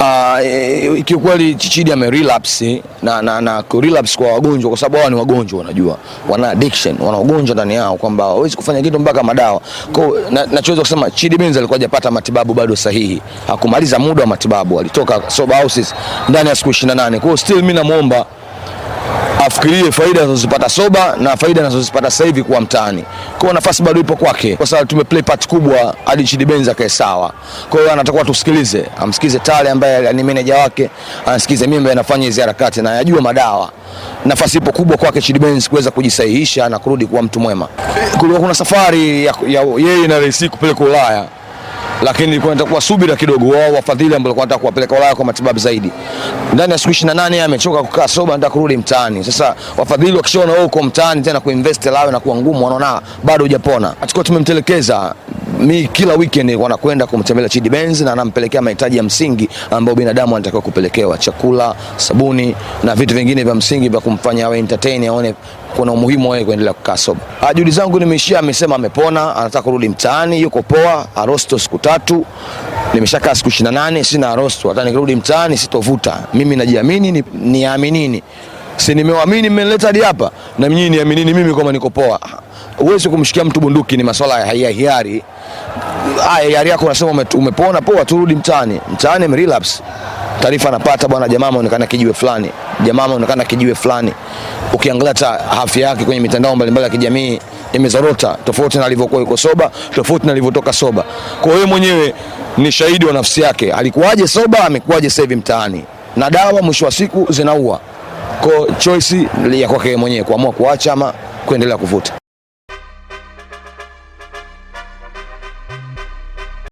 uh, eh, kiukweli Chichidi ame relapse na, na, na relapse kwa wagonjwa, kwa sababu hawa ni wagonjwa, wanajua wana addiction, wana ugonjwa ndani yao kwamba hawezi kufanya kitu mpaka madawa. Kwa hiyo nachoweza kusema Chidi Benz alikuwa hajapata matibabu bado sahihi, hakumaliza muda wa matibabu, alitoka sober houses ndani ya siku 28. Kwa hiyo still mimi namuomba afikirie faida anazozipata soba na faida anazozipata sasa hivi kuwa mtaani. Kwa hiyo nafasi bado ipo kwake, kwa sababu tumeplay part kubwa hadi Chidi Benza kae sawa. Kwa hiyo anatakuwa tusikilize, amsikize Tale ambaye ni meneja wake, anasikize mimi ambaye nafanya hizi harakati na yajua madawa. Nafasi ipo kubwa kwake Chidi Benza kuweza kujisahihisha na kurudi kuwa mtu mwema. Eh, kulikuwa kuna safari ya, ya yeye na Rais kupeleka Ulaya lakini ilikuwa nitakuwa subira kidogo, wao wafadhili ambao walikuwa wanataka kuwapeleka Ulaya kwa matibabu zaidi. Ndani ya siku 28 amechoka kukaa soba, anataka kurudi mtaani. Sasa wafadhili wakishaona wewe uko mtaani tena kuinvest lawe na kuwa ngumu, wanaona bado hujapona. Achukua tumemtelekeza mi kila weekend wanakwenda kumtembelea Chidi Benz na anampelekea mahitaji ya msingi ambayo binadamu anatakiwa kupelekewa: chakula, sabuni na vitu vingine vya msingi vya kumfanya awe entertain, aone kuna umuhimu wake kuendelea kukaa soba. Ah, juhudi zangu nimeishia, amesema amepona, anataka kurudi mtaani, yuko poa, arosto siku tatu. Nimeshakaa siku 28 sina arosto, hata nikirudi mtaani sitovuta. Mimi najiamini, niaminini si nimewamini, mmeleta hadi hapa, na mimi niaminini mimi kama niko poa. Huwezi kumshikia mtu bunduki, ni masuala ya hiari haya ah, yari yako unasema umepona poa, turudi mtaani. Mtaani mrelapse, taarifa anapata bwana, jamaa ameonekana kijiwe fulani, jamaa ameonekana kijiwe fulani. Ukiangalia hata afya yake kwenye mitandao mbalimbali ya kijamii imezorota, tofauti na alivyokuwa yuko soba, tofauti na alivyotoka soba. Kwa hiyo mwenyewe ni shahidi wa nafsi yake, alikuwaje soba, amekuwaje sasa hivi mtaani, na dawa mwisho wa siku zinaua. Kwa choice ya kwake mwenyewe kuamua kuacha ama kuendelea kuvuta.